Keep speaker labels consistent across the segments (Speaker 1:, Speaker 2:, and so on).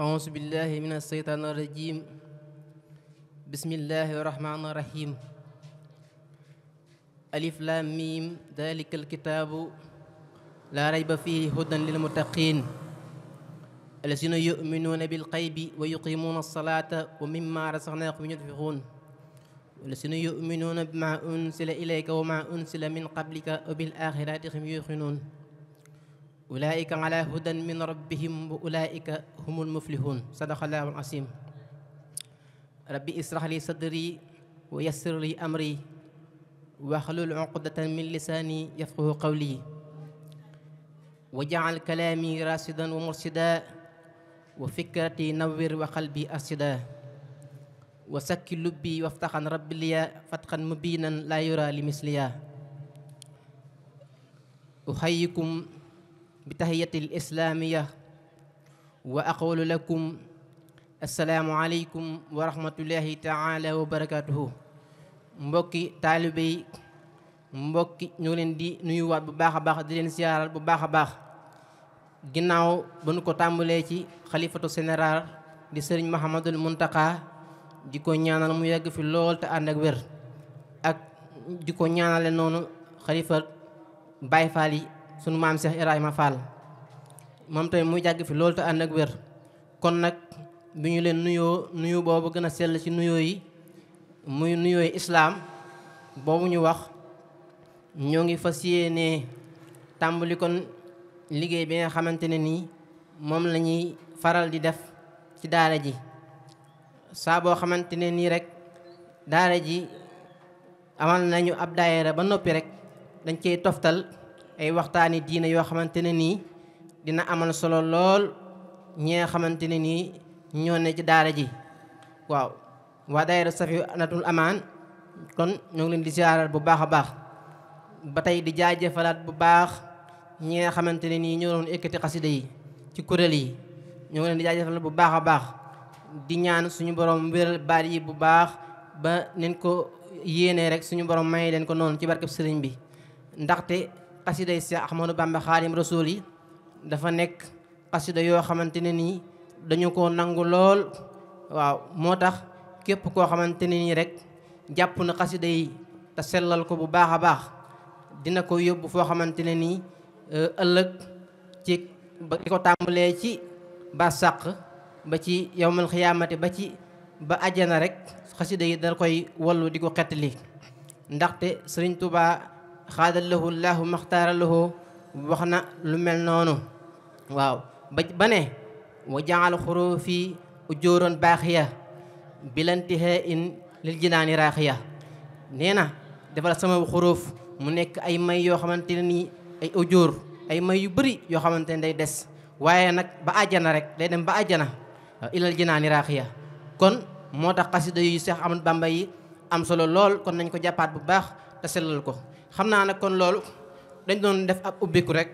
Speaker 1: أعوذ بالله من الشيطان الرجيم بسم الله الرحمن الرحيم ألف لام ميم ذلك الكتاب لا ريب فيه هدى للمتقين الذين يؤمنون بالغيب ويقيمون الصلاة ومما رزقناهم ينفقون والذين يؤمنون بما أنزل إليك وما أنزل من قبلك وبالآخرة هم يوقنون ulaayika ala hudan min rabbihim wa ulaayika humul muflihun sadaqallaahu al-asiim rabbi israh li sadri wa yassir li amri waxlul uqdatan min lisaani yafqahu qawli wa jacal kalaami rasidan wa mursida wa fikrati nawwir wa qalbi arsida wa sakki lubbi waftaxan rabbi liya fatxan mubinan laa yura li misliya uxayikum بتحية الإسلامية وأقول لكم السلام عليكم ورحمة الله تعالى وبركاته mbokki taalibe yi mbokki ñu leen di nuyuwaat bu baax a baax di leen siyaaral bu baax a baax ginnaaw ba nu ko tàmbalee ci xalifatu général di sëriñ Mahamadul Muntaqa di ko ñaanal mu yegg fi lool te ànd ak wér ak di ko ñaanale noonu xalifa Baay yi sunu maam Cheikh Ibrahima Fall moom tamit muy jàgg fi loolu te ànd ak wér kon nag bi ñu leen nuyoo nuyu boobu gën a sell ci nuyoo yi muy nuyoo islaam boobu ñu wax ñoo ngi fa fas ne tàmbali kon liggéey bi nga xamante ne nii moom la ñuy faral di def ci daara ji saa boo xamante ne nii rek daara ji amal nañu ab daayira ba noppi rek dañ cey toftal ay waxtaani diina yoo xamante ne nii dina amal solo lool ñi nga xamante ne nii ñoo ne ci daara ji waaw waa daayira Safinatoul amaan kon ñoo ngi leen di ziaral bu baax a baax ba tey di jaajëfalaat bu baax ñi nga xamante ne nii ñoo doon ekkati xasida yi ci kuréel yi ñoo ngi leen di jaajëfalaat bu baax a baax di ñaan suñu borom wéral baat yi bu baax ba nen ko yéenee rek suñu borom may leen ko noonu ci barkeb sëriñ bi ndaxte xasiday Seex Ahmadu Bamba Xaadim Rasuul yi dafa nekk xasida yoo xamante ne nii dañu ko nangu lool waaw moo tax képp koo xamante ne nii rek jàpp na xasida yi te sellal ko bu baax a baax dina ko yóbbu foo xamante ne nii euh, ëllëg ci ba ko tàmbalee ci ba sàq ba ci yowmal xiyaamati ba ci ba ajjana rek xasida yi da koy wallu di ko xettali ndaxte Sëriñ Tuubaa xaadalahu laahu maxtaaralahu wax na lu mel noonu waaw ba ba ne wa jaal xurufi ujóoroon baaxiya bilantihe in lil jinaani raaxiya nee na defal sama xuruuf mu nekk ay may yoo xamante ne nii ay ujóor ay may yu bëri yoo xamante ne day des waaye nag ba àjjana rek day dem ba àjjana ilal jinaani raaxiya kon moo tax xasida yu Seex Ahmadu Bamba yi am solo lool kon nañ ko jàppaat bu baax te sellal ko xam naa nag kon loolu dañ doon def ab ubbiku rek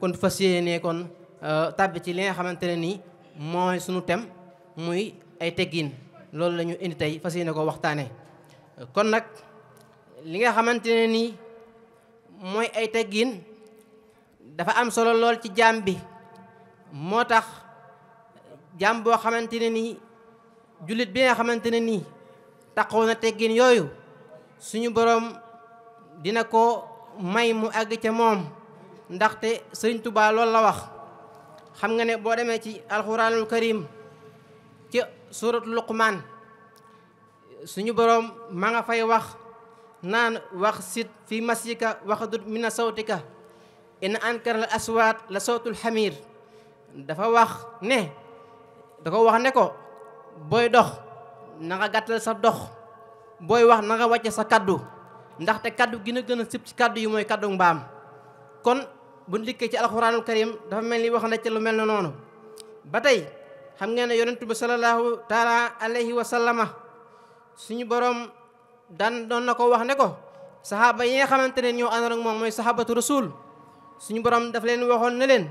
Speaker 1: kon fas yéenee kon euh, tàbbi ci li nga xamante ne nii mooy suñu tem muy ay teggin loolu lañu indi tey fas yéene ko waxtaanee. kon nag li nga xamante ne nii mooy ay teggin dafa am solo lool ci jaam bi moo tax jaam boo xamante ne nii jullit bi nga xamante ne nii taxaw na teggin yooyu suñu boroom. dina ko may mu àgg ca moom ndaxte sëriñ Tuubaa loolu la wax xam nga ne boo demee ci alxuraanul karim ci suuratu luqmaan suñu boroom maa nga fay wax naan wax sit fi masyika waxdud mina sawtika in ankara la aswaat la sawtul xamir dafa wax ne da ko wax ne ko booy dox nanga nga gàttal sa dox booy wax nanga nga wàcce sa kàddu ndaxte kàddu gi na gën a sib ci kàddu yi mooy kaddu mbaam kon bu ndikkee ci alxuraanul karim dafa mel ni wax na ci lu mel na noonu ba tey xam ngeen ne yonentu bi salallaahu taala alayhi wa sallama suñu borom daan doon na ko wax ne ko saxaaba yi nga xamante ne ñoo àndoon ak moom mooy saxaabatu rasul suñu borom daf leen waxoon ne leen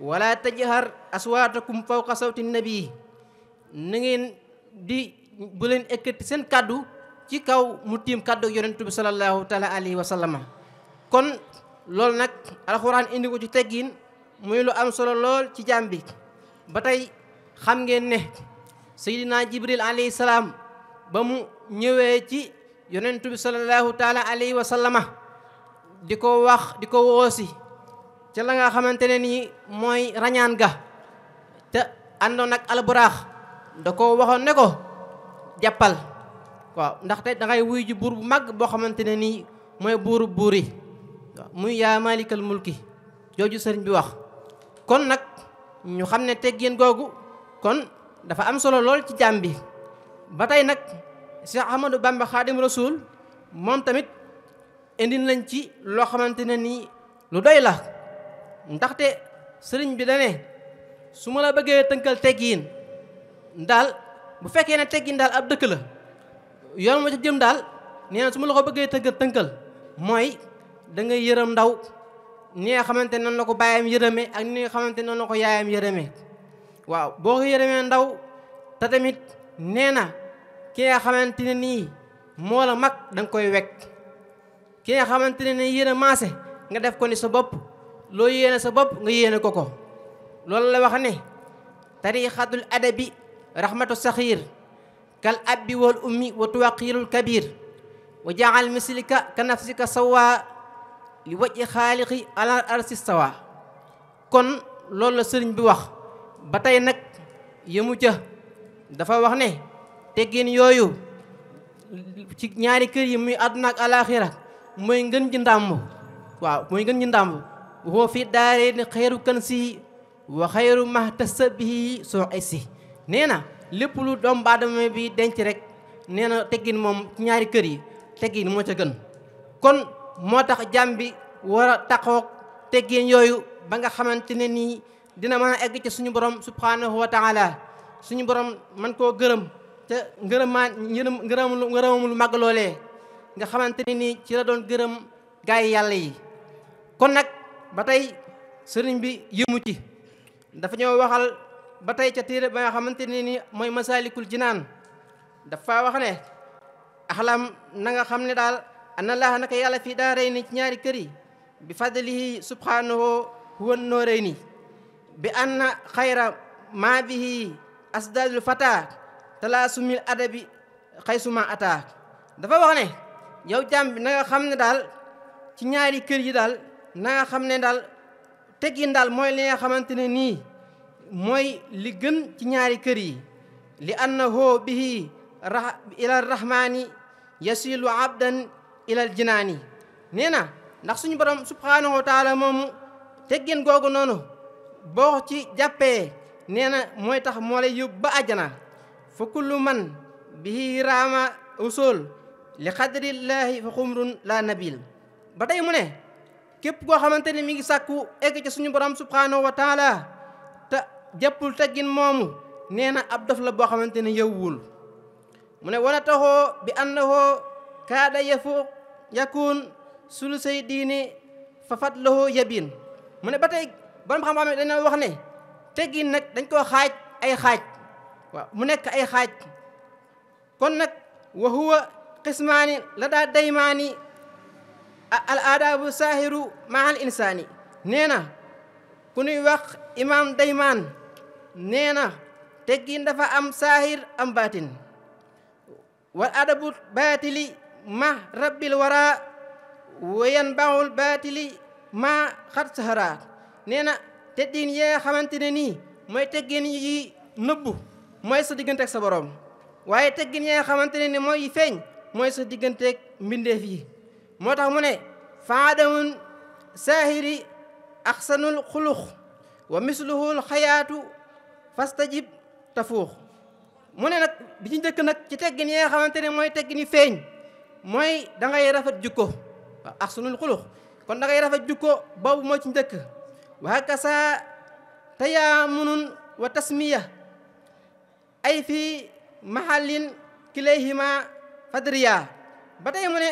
Speaker 1: wala tajhar aswaatakum fawqa sawti nabii na ngeen di bu leen ekkati seen kàddu ci kaw mu tiim kàddu yonentu bi sallallahu taala alayhi wa sallama kon loolu nag alxuraan indi ko ci teggin muy lu am solo lool ci jaam bi ba tey xam ngeen ne seydina jibril alayhi salaam ba mu ñëwee ci yonentu bi sallallahu taala alayhi wa sallama di ko wax di ko woosi ca la nga xamante ne nii mooy rañaan ga te àndoon ak alburaax da ko waxoon ne ko jàppal waaw ndaxte dangay wuy ji buur bu mag boo xamante ne nii mooy buuru buur yi muy yaa maalikal mulki jooju sëriñ bi wax kon nag ñu xam ne teggin googu kon dafa am solo lool ci jaam bi ba tey nag Cheikh Ahmadou Bamba Khadim moom tamit indi lañ ci loo xamante ne nii lu doy la ndaxte sëriñ bi dane su ma la bëggee tënkal teggin daal bu fekkee ne teggin daal ab dëkk la yoon ma ca jëm daal nee na su ma la ko bëggee tënk tënkal mooy dangay yërëm ndaw ni nga xamante noonu la ko baayam yërëmee ak ni nga xamante noonu la ko yaayam yërëmee waaw boo ko yërëmee ndaw te tamit nee na ki nga xamante ne nii moo la mag danga koy wekk ki nga xamante ne nii yéen a nga def ko ni sa bopp loo yéene sa bopp nga yéene ko ko loolu la wax ne tarixatul adabi rahmatu saxiir kal abbi wal ummi wa tuwaqirul kabir wa jaal mislika ka nafsika sawa li waji xaaliqi ala kon loolu la sëriñ bi wax ba tey nag yëmu ca dafa wax ne teggin yooyu ci ñaari kër yi muy àdduna alaaxira mooy ngën ji ndàmb waaw mooy ngën ji ndàmb woo fi daare ni xayru kan wa xayru mahtasabihi soo ay si nee na lépp lu doomu aadama bi denc rek nee na teggin moom ci ñaari kër yi teggiin moo ca gën kon moo tax jàmm bi war a taxoog teggin yooyu ba nga xamante ne nii dina mën a egg ci suñu borom subhanahu wa taala suñu borom mën koo gërëm te ngërëmaa ngërëm ngërëmul ngërëmam mag loolee nga xamante ne nii ci la doon gërëm gaay yi yàlla yi kon nag ba tey sëriñ bi yëmu ci dafa ñoo waxal ba tey ca téere ba nga xamante ne ni mooy masaalikul jinaan dafa wax ne axlam na xam ne daal ana laaha naka yàlla fii daaray ni ci ñaari kër yi bi fadlihi subhanahu huwa nooray ni bi anna xayra maa bihi asdadul fata talaasumil adabi xaysuma ata dafa wax ne yow jàmbi bi xam ne daal ci ñaari kër yi daal na xam ne daal teggin daal mooy li nga xamante ne nii mooy li gën ci ñaari kër yi li annahu bihi ra ila rahmaani yasilu abdan ilal jinaani nee na ndax suñu borom subhaanahu wa taala moomu teggin googu noonu boo ci jàppee nee na mooy tax moo lay yóbbu ba àjjana fa kullu man bihi raama usul li xadrillaahi fa xumrun la nabil ba tey mu ne képp koo xamante ni mi ngi sàkku egg ci suñu borom subhaanahu jàppul teggin moomu nee na ab dof la boo xamante ne yowwul mu ne wana taxoo bi annahu kaada yafu yakun sulu say diini fa fatlahu yabin mu ne ba tey borom xam-xam ne dañu wax ne teggin nag dañ koo xaaj ay xaaj waaw mu nekk ay xaaj kon nag wa huwa qismaani la daa daymaani al aadaabu saahiru maa insaani nee na ku ñuy wax imaam daymaan nee na teggin dafa am saahir am baatin wal adabu baatili ma rabbil wara wayan bawul baatili ma xat sahara nee na teggin yee xamante ne nii mooy teggin yi nëbbu mooy sa diggante ak sa borom waaye teggin yee xamante ne nii mooy feeñ mooy sa diggante ak mbindeef yi moo tax mu ne faadamun saahiri axsanul xulux wa misluhul xayaatu fastajib tafuux mu ne nag bi ci njëkk nag ci teggin yi nga xamante ne mooy teggini feeñ mooy da rafet jukko waaw axsunul xulux kon da rafet jukko boobu moo ci njëkk waa kasa tayaamunun wa tasmiya ay fi mahallin kilayhima fadriya ba tey mu ne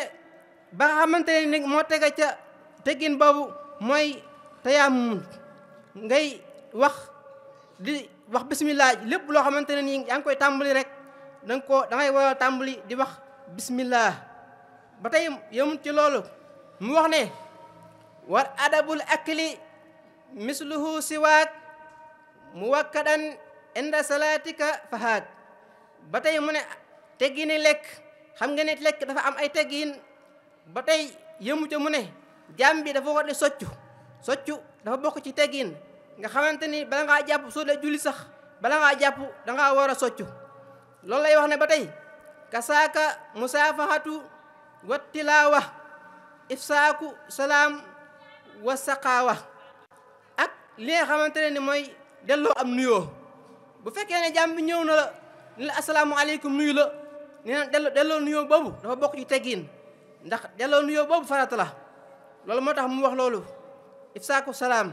Speaker 1: ba xamante ni moo tega ca teggin boobu mooy tayaamun ngay wax di wax bismillah lépp loo xamante ne nii yaa ngi koy tàmbali rek da nga koo da a tàmbali di wax bismillah ba tey yemut ci loolu mu wax ne war adabul akli misluhu siwaak muwakkadan inda salaatika fahaat ba tey mu ne teggini lekk xam nga ne lekk dafa am ay teggiin ba tey yëmu ca mu ne jaam bi dafa war di soccu soccu dafa bokk ci teggiin nga xamante ni bala ngaa jàpp soo dee julli sax bala ngaa jàpp dangaa war a soccu loolu lay wax ne ba tey kasaaka musaafahatu wa tilaawa ifsaaku salaam wa ak li nga xamante ne ni mooy delloo am nuyoo bu fekkee ne jàmm ñëw na la ni la aleykum nuyu la nee na delloo delloo nuyoo boobu dafa bokk ci teggiin ndax delloo nuyoo boobu farata la loolu moo tax mu wax loolu ifsaaku salaam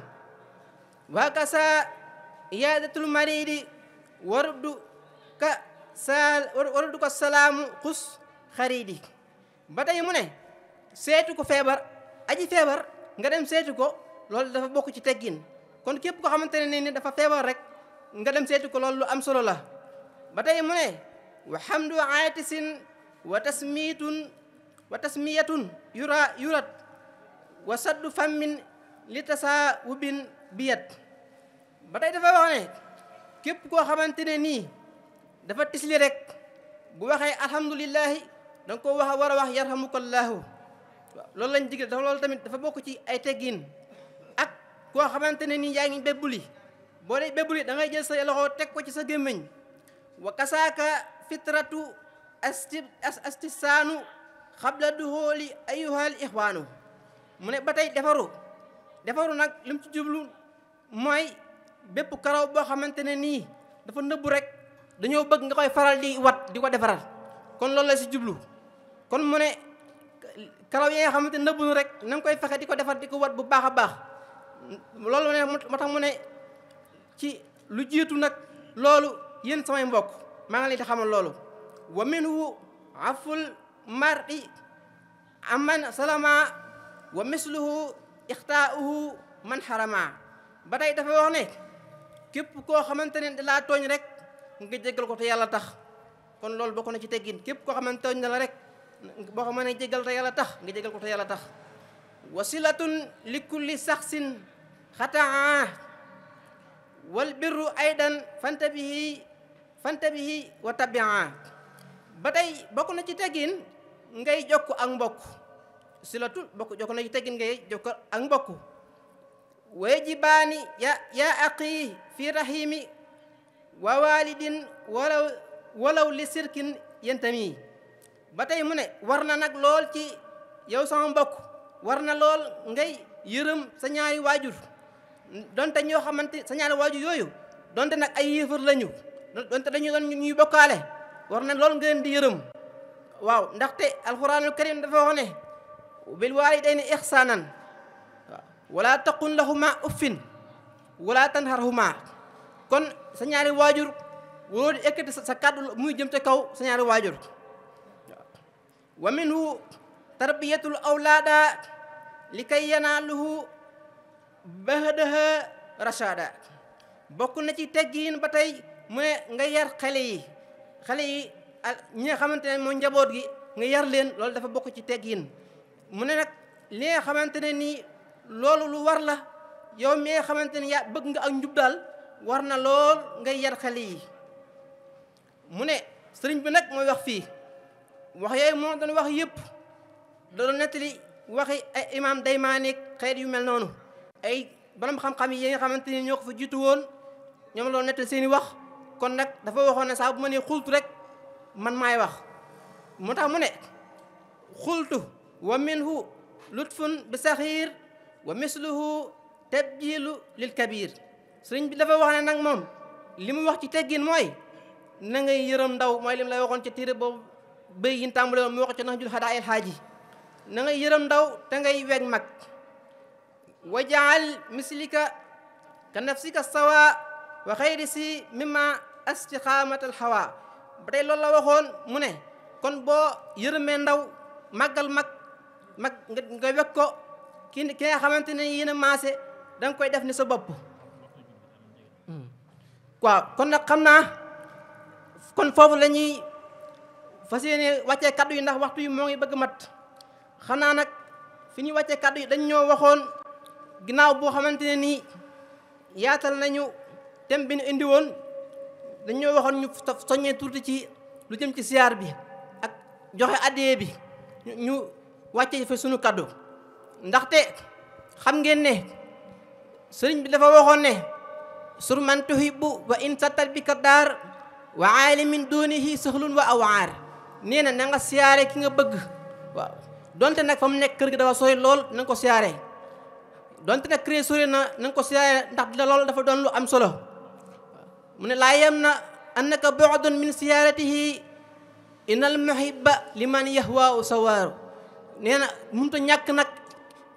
Speaker 1: وكسا إيادة المريض ورد كسال ورد كالسلام قص خريدي بدأ يمنع سيتو فيبر أجي فيبر nga dem seetu ko loolu dafa bokk ci teggin kon képp ko xamante ne ni dafa feebar rek nga dem seetu ko loolu lu am solo la ba tey mu ne wa hamdu aatisin wa tasmiitun wa yurat wa saddu fammin li tasaawubin bi yat ba tey dafa wax ne képp koo xamante ne nii dafa tisli rek bu waxee alhamdulilahi danga ko wax a war a wax yarhamukallahu waaw loolu lañ digal dafa lool tamit dafa bokk ci ay teggin ak koo xamante ne nii yaa ngi bébbuli boo dee bébbuli da ngay jël sa loxo teg ko ci sa gémmiñ wa kasaaka fitratu asti astisaanu xabla duhooli ayuhal ixwaanu mu ne ba tey defaru defaru nag lim ci jublu mooy bépp karaw boo xamante ne nii dafa nëbbu rek dañoo bëgg nga koy faral di wat di ko defaral kon loolu la si jublu kon mu ne karaw yi nga xamante nëbbu nu rek na koy fexe di ko defar di ko wat bu baax a baax loolu ne moo tax mu ne ci lu jiitu nag loolu yéen samay mbokk maa ngi leen di xamal loolu wa minhu aful mar'i aman salama wa misluhu ixtaa'uhu man harama ba tey dafa wax ne képp koo xamante ne laa tooñ rek nga jéggal ko te yàlla tax kon loolu bokk na ci teggin képp koo xamante tooñ na la rek boo xam ne jéggal te yàlla tax nga jéggal ko te yàlla tax wasilatun li kulli saxsin xataa wal birru aydan fante bi wa tabia ba tey bokk na ci teggin ngay jokk ak mbokk silatu bokk jokk na ci teggin ngay jokk ak mbokk ويجبان يا, يا أخي في رحيم ووالد ولو walaw li sirkin yentami ba tey mu ne war na nag lool ci yow sama mbokk war na lool ngay yërëm sañaari waajur donte ñoo xamante sa ñaari yooyu donte nag ay yéefar lañu donte dañu doon ñuy bokkaale war na lool ngeen di yërëm waaw ndaxte alxuraanul karim dafa wax ne bil waalidayni ixsaanan wala taqun lahuma uffin wala tanharhuma kon sa ñaari waajur waroo di ekkati sa kàddu muy jëm ca kaw sa ñaari waajur wa minhu tarbiyatul awlaada li kay yanaaluhu bahdaha rashada bokk na ci teggiin ba tey mu ne nga yar xale yi xale yi ñi nga xamante ne mooy njaboot gi nga yar leen loolu dafa bokk ci teggiin mu ne nag li nga xamante nii loolu lu war la yow mi nga xamante ni yaa bëgg nga ak njub daal war na lool ngay yar xale yi mu ne sëriñ bi nag mooy wax fii wax yooyu moo doon wax yépp da doon nettali waxi ay imaam Daymaani xeet yu mel noonu ay borom xam-xam yi nga xamante ni ñoo ko fa jiitu woon ñoom loolu nettali seen i wax kon nag dafa waxoon ne saa bu ma nee xultu rek man maay wax moo tax mu ne xultu wa minhu lutfun bi saxiir wa misluhu tabjilu lil kabir sëriñ bi dafa wax ne nag moom li mu wax ci teggin mooy na ngay yërëm ndaw mooy lim lay waxoon ca téere boobu béy yin tàmbale woon mu wax ca nax jul xadaayil xaaji na yërëm ndaw te ngay weg mag wa jaal mislika ka nafsika sawa wa xayri si mimma astixaamatal xawa ba tey loolu la waxoon mu ne kon boo yërëmee ndaw màggal mag mag nga weg ko ki ki nga xamante ne yéen a maase danga koy def ni sa bopp hmm. waaw kon nag xam naa kon foofu lañuy ñuy fas yéene wàccee kaddu yi ndax waxtu yi moo ngi bëgg mat xanaa nag fi ñuy wàccee kaddu yi dañ ñoo waxoon ginnaaw boo xamante ne nii yaatal nañu thème bi ñu indiwoon woon ñoo waxoon ñu soññee tuuti ci lu jëm ci siyaar bi ak joxe addiyee bi ñu wàccee fa sunu kaddu ndaxte xam ngeen ne sëriñ bi dafa waxoon ne sur man tuhibbu wa in sattat bi ka daar wa aalimin dunihi suhlun wa awaar nee na na nga siyaare ki nga bëgg waaw donte nag fa mu nekk kër gi dafa sori lool na ko siyaare donte nag kër sori na na ko siyaare ndax dina loolu dafa doon lu am solo mu ne laa yem na annaka bu'dun min siyaaratihi inal muhibba liman yahwa sawaaru nee na mënut a ñàkk nag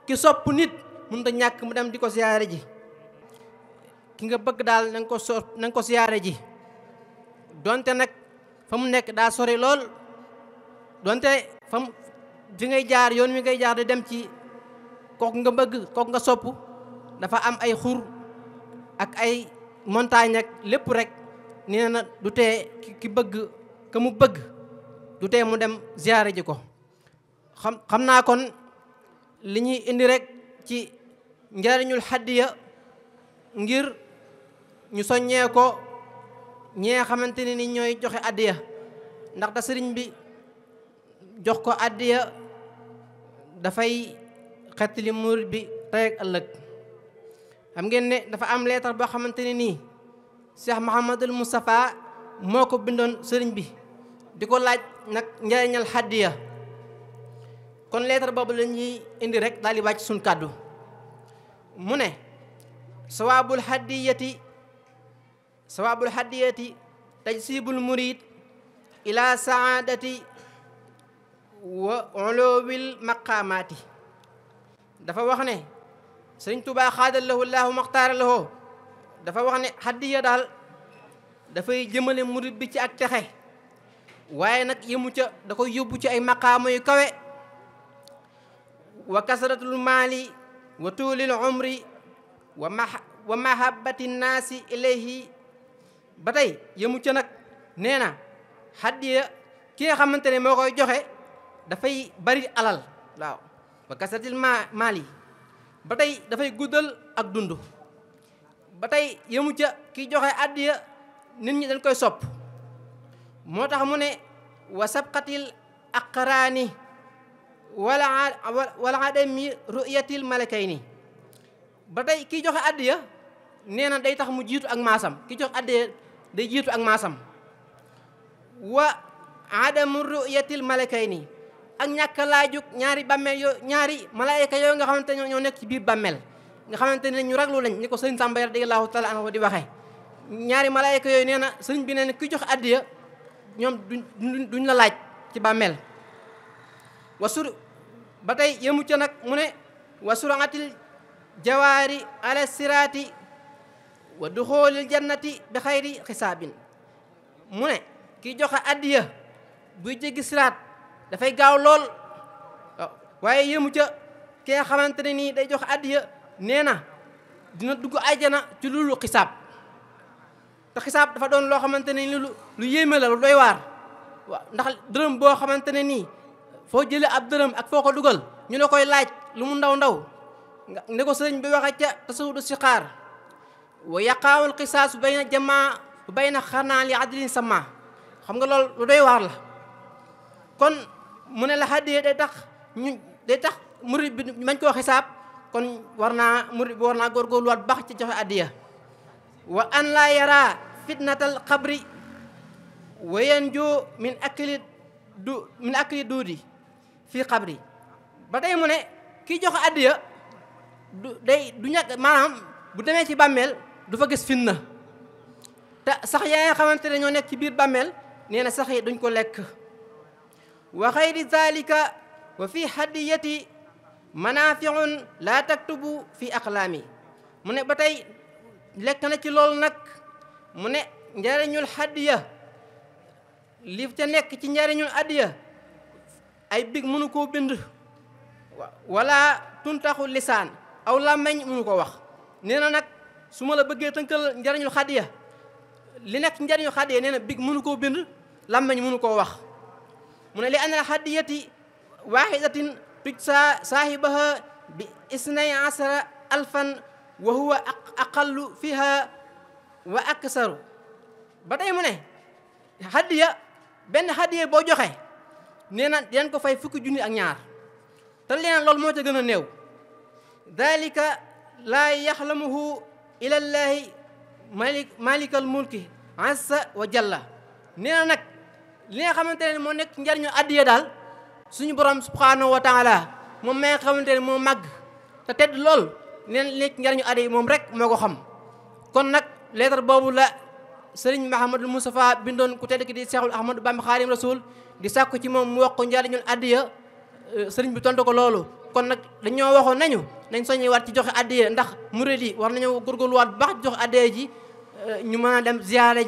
Speaker 1: ki sopp nit mun ta ñàkk mu dem di ko siyaare ji ki nga bëgg daal na nga ko so na ko siyaare ji donte nag fa mu nekk daa sori lool donte fa mu fi ngay jaar yoon wi ngay jaar di dem ci kook nga bëgg kooku nga sopp dafa am ay xur ak ay montagne ak lépp rek nee na du tee ki bëgg ka mu bëgg du tee mu dem ziyaare ji ko xam xam naa kon li ñuy indi rek ci njariñul xaddiya ngir ñu soññee ko ñee xamante ne ni ñooy joxe addiya ndax da sëriñ bi jox ko addiya dafay xettali murit bi tey ak ëllëg xam ngeen ne dafa am leetar boo xamante ne nii Cheikh Mouhamadul Moustapha moo ko bindoon sëriñ bi di ko laaj nag njariñal xaddiya kon leetar boobu la ñuy indi rek daal di wàcc suñ kàddu mu ne sawaabul hadiyati sawaabul hadiyati tajsibul murid ila saadati wa ulowil maqaamaati dafa wax ne sëriñ tubaa xaadal lahu laahu maxtaara lahu dafa wax ne hadiya daal dafay jëmale murid bi ci ak texe waaye nag yëmu ca da koy yóbbu ci ay maqaama yu kawe wa kasratul maali wa tuulil umri wa ma wa mahabbati naasi ilayhi ba tey yëmu ca nag nee na xaddiya ki nga xamante ne moo koy joxe dafay bari alal waaw wa kasratil maali ba tey dafay guddal ak dund ba tey yëmu ca ki joxe addiya nit ñi dañ koy sopp moo tax mu ne wa ak aqraani wala wala adami ruyatil malakayni ba tey kiy joxe addiya nee na day tax mu jiitu ak maasam ki joxe addiya day jiitu ak maasam wa adamu ruyatil nii ak ñàkk laajug ñaari bàmmeel yo ñaari malaayka yooyu nga xamante ne ñoo nekk ci biir bàmmeel nga xamante ne ñu raglu lañ ni ko sëriñ Samba radiyallahu taala anhu di waxee ñaari malaayka yooyu nee na sëriñ bi nee na ki joxe addiya ñoom duñ duñ la laaj ci bàmmeel wa sur ba tey yëmu ca nag mu ne wa suratil jawaari ala siraati wa duxoolil jannati bi xayri xisaabin mu ne ki joxe addiya buy jéggi siraat dafay gaaw lool waaye yëmu ca ki nga xamante ne nii day joxe addiya nee na dina dugg ajjana ci lulu xisaab te xisaab dafa doon loo xamante ne nii lu lu yéeme la lu doy waar ndax dërëm boo xamante ne nii foo jëlee ab dërëm ak foo ko dugal ñu la koy laaj lu mu ndaw ndaw nga ne ko sëriñ bi waxe ca tasawudu si xaar wa yaqaawul xisaas bayna jamaa bayna xanaa li adlin sama xam nga lool lu doy waar la kon mu ne la xaddiyee day tax ñu day tax murid bi mañ koo xisaab kon war naa murid bi war naa góorgóorluwaat baax ci joxe addiya wa an laa yaraa fitnatal xabri wa yanju min akli du min akli duudi fii xabri ba tey mu ne kii jox addiya du day du ñàkk maanaam bu demee ci bàmmeel du fa gis fitna te sax yaa nga xamante ne ñoo nekk ci biir bàmmeel nee na sax yi duñ ko lekk wa xayri zalika wa fi hadiyati manaafiun laa taktubu fi aqlaami mu ne ba tey lekk na ci loolu nag mu ne njariñul hadiya li ca nekk ci njariñul addiya ay big mënu koo bind wala tuntaxu lisaan aw làmmeñ mënu ko wax nee na nag su ma la bëggee tënkal njariñul xadiya li nag njariñu xadiya nee na big mënu koo bind làmmeñ mënu koo wax mu ne li anna xadiyati waaxidatin tuj sa saahibaha bi isnay asara alfan wa huwa aqallu fiha wa aksaru ba tey mu ne xadiya benn xadiya boo joxe nee na dinañ ko fay fukki junni ak ñaar te leen loolu moo ca gën a new daalika laa yaxlamuhu ilallaahi malik malikal mulki azza wa jalla nee na nag li nga xamante ne moo nekk njariñu addiya daal suñu borom subhanahu wa taala moom ma xamante ne moo màgg te tedd lool nee na li nekk njariñu addiya moom rek moo ko xam kon nag leetar boobu la sëriñ Mahamadul Moustapha bindoon ku tedd ki di Seexul Ahmadu Bamba Xaadim Rasuul di sàkku ci moom mu wax ko njariñul addiya euh, sëriñ bi tontu ko loolu kon nag dañoo waxoon nañu nañ soññi waat ci joxe addiya ndax murid yi war nañoo góorgóorluwaat bu baax ci joxe addiya ji euh, ñu mën a dem ji ziyaare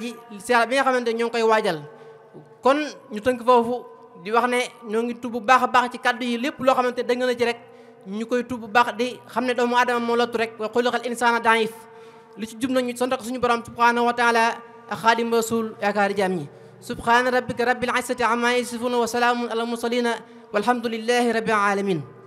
Speaker 1: bi nga xamante ñoo ngi koy waajal kon ñu tënk foofu di wax ne ñoo ngi tub bu baax a baax ci kàddu yi lépp loo xamante dëgg na ci rek ñu koy tub bu baax di xam ne doomu aadama moo lottu rek wa xuliqal insaana daif li ci jub nañu sant suñu borom subhanahu wa taala ak xaadim rasul yaakaari jaam ñi subhaana rabbika rabbil izzati amma yasifun wa salaamun alal mursalina walhamdulillahi rabbil alamin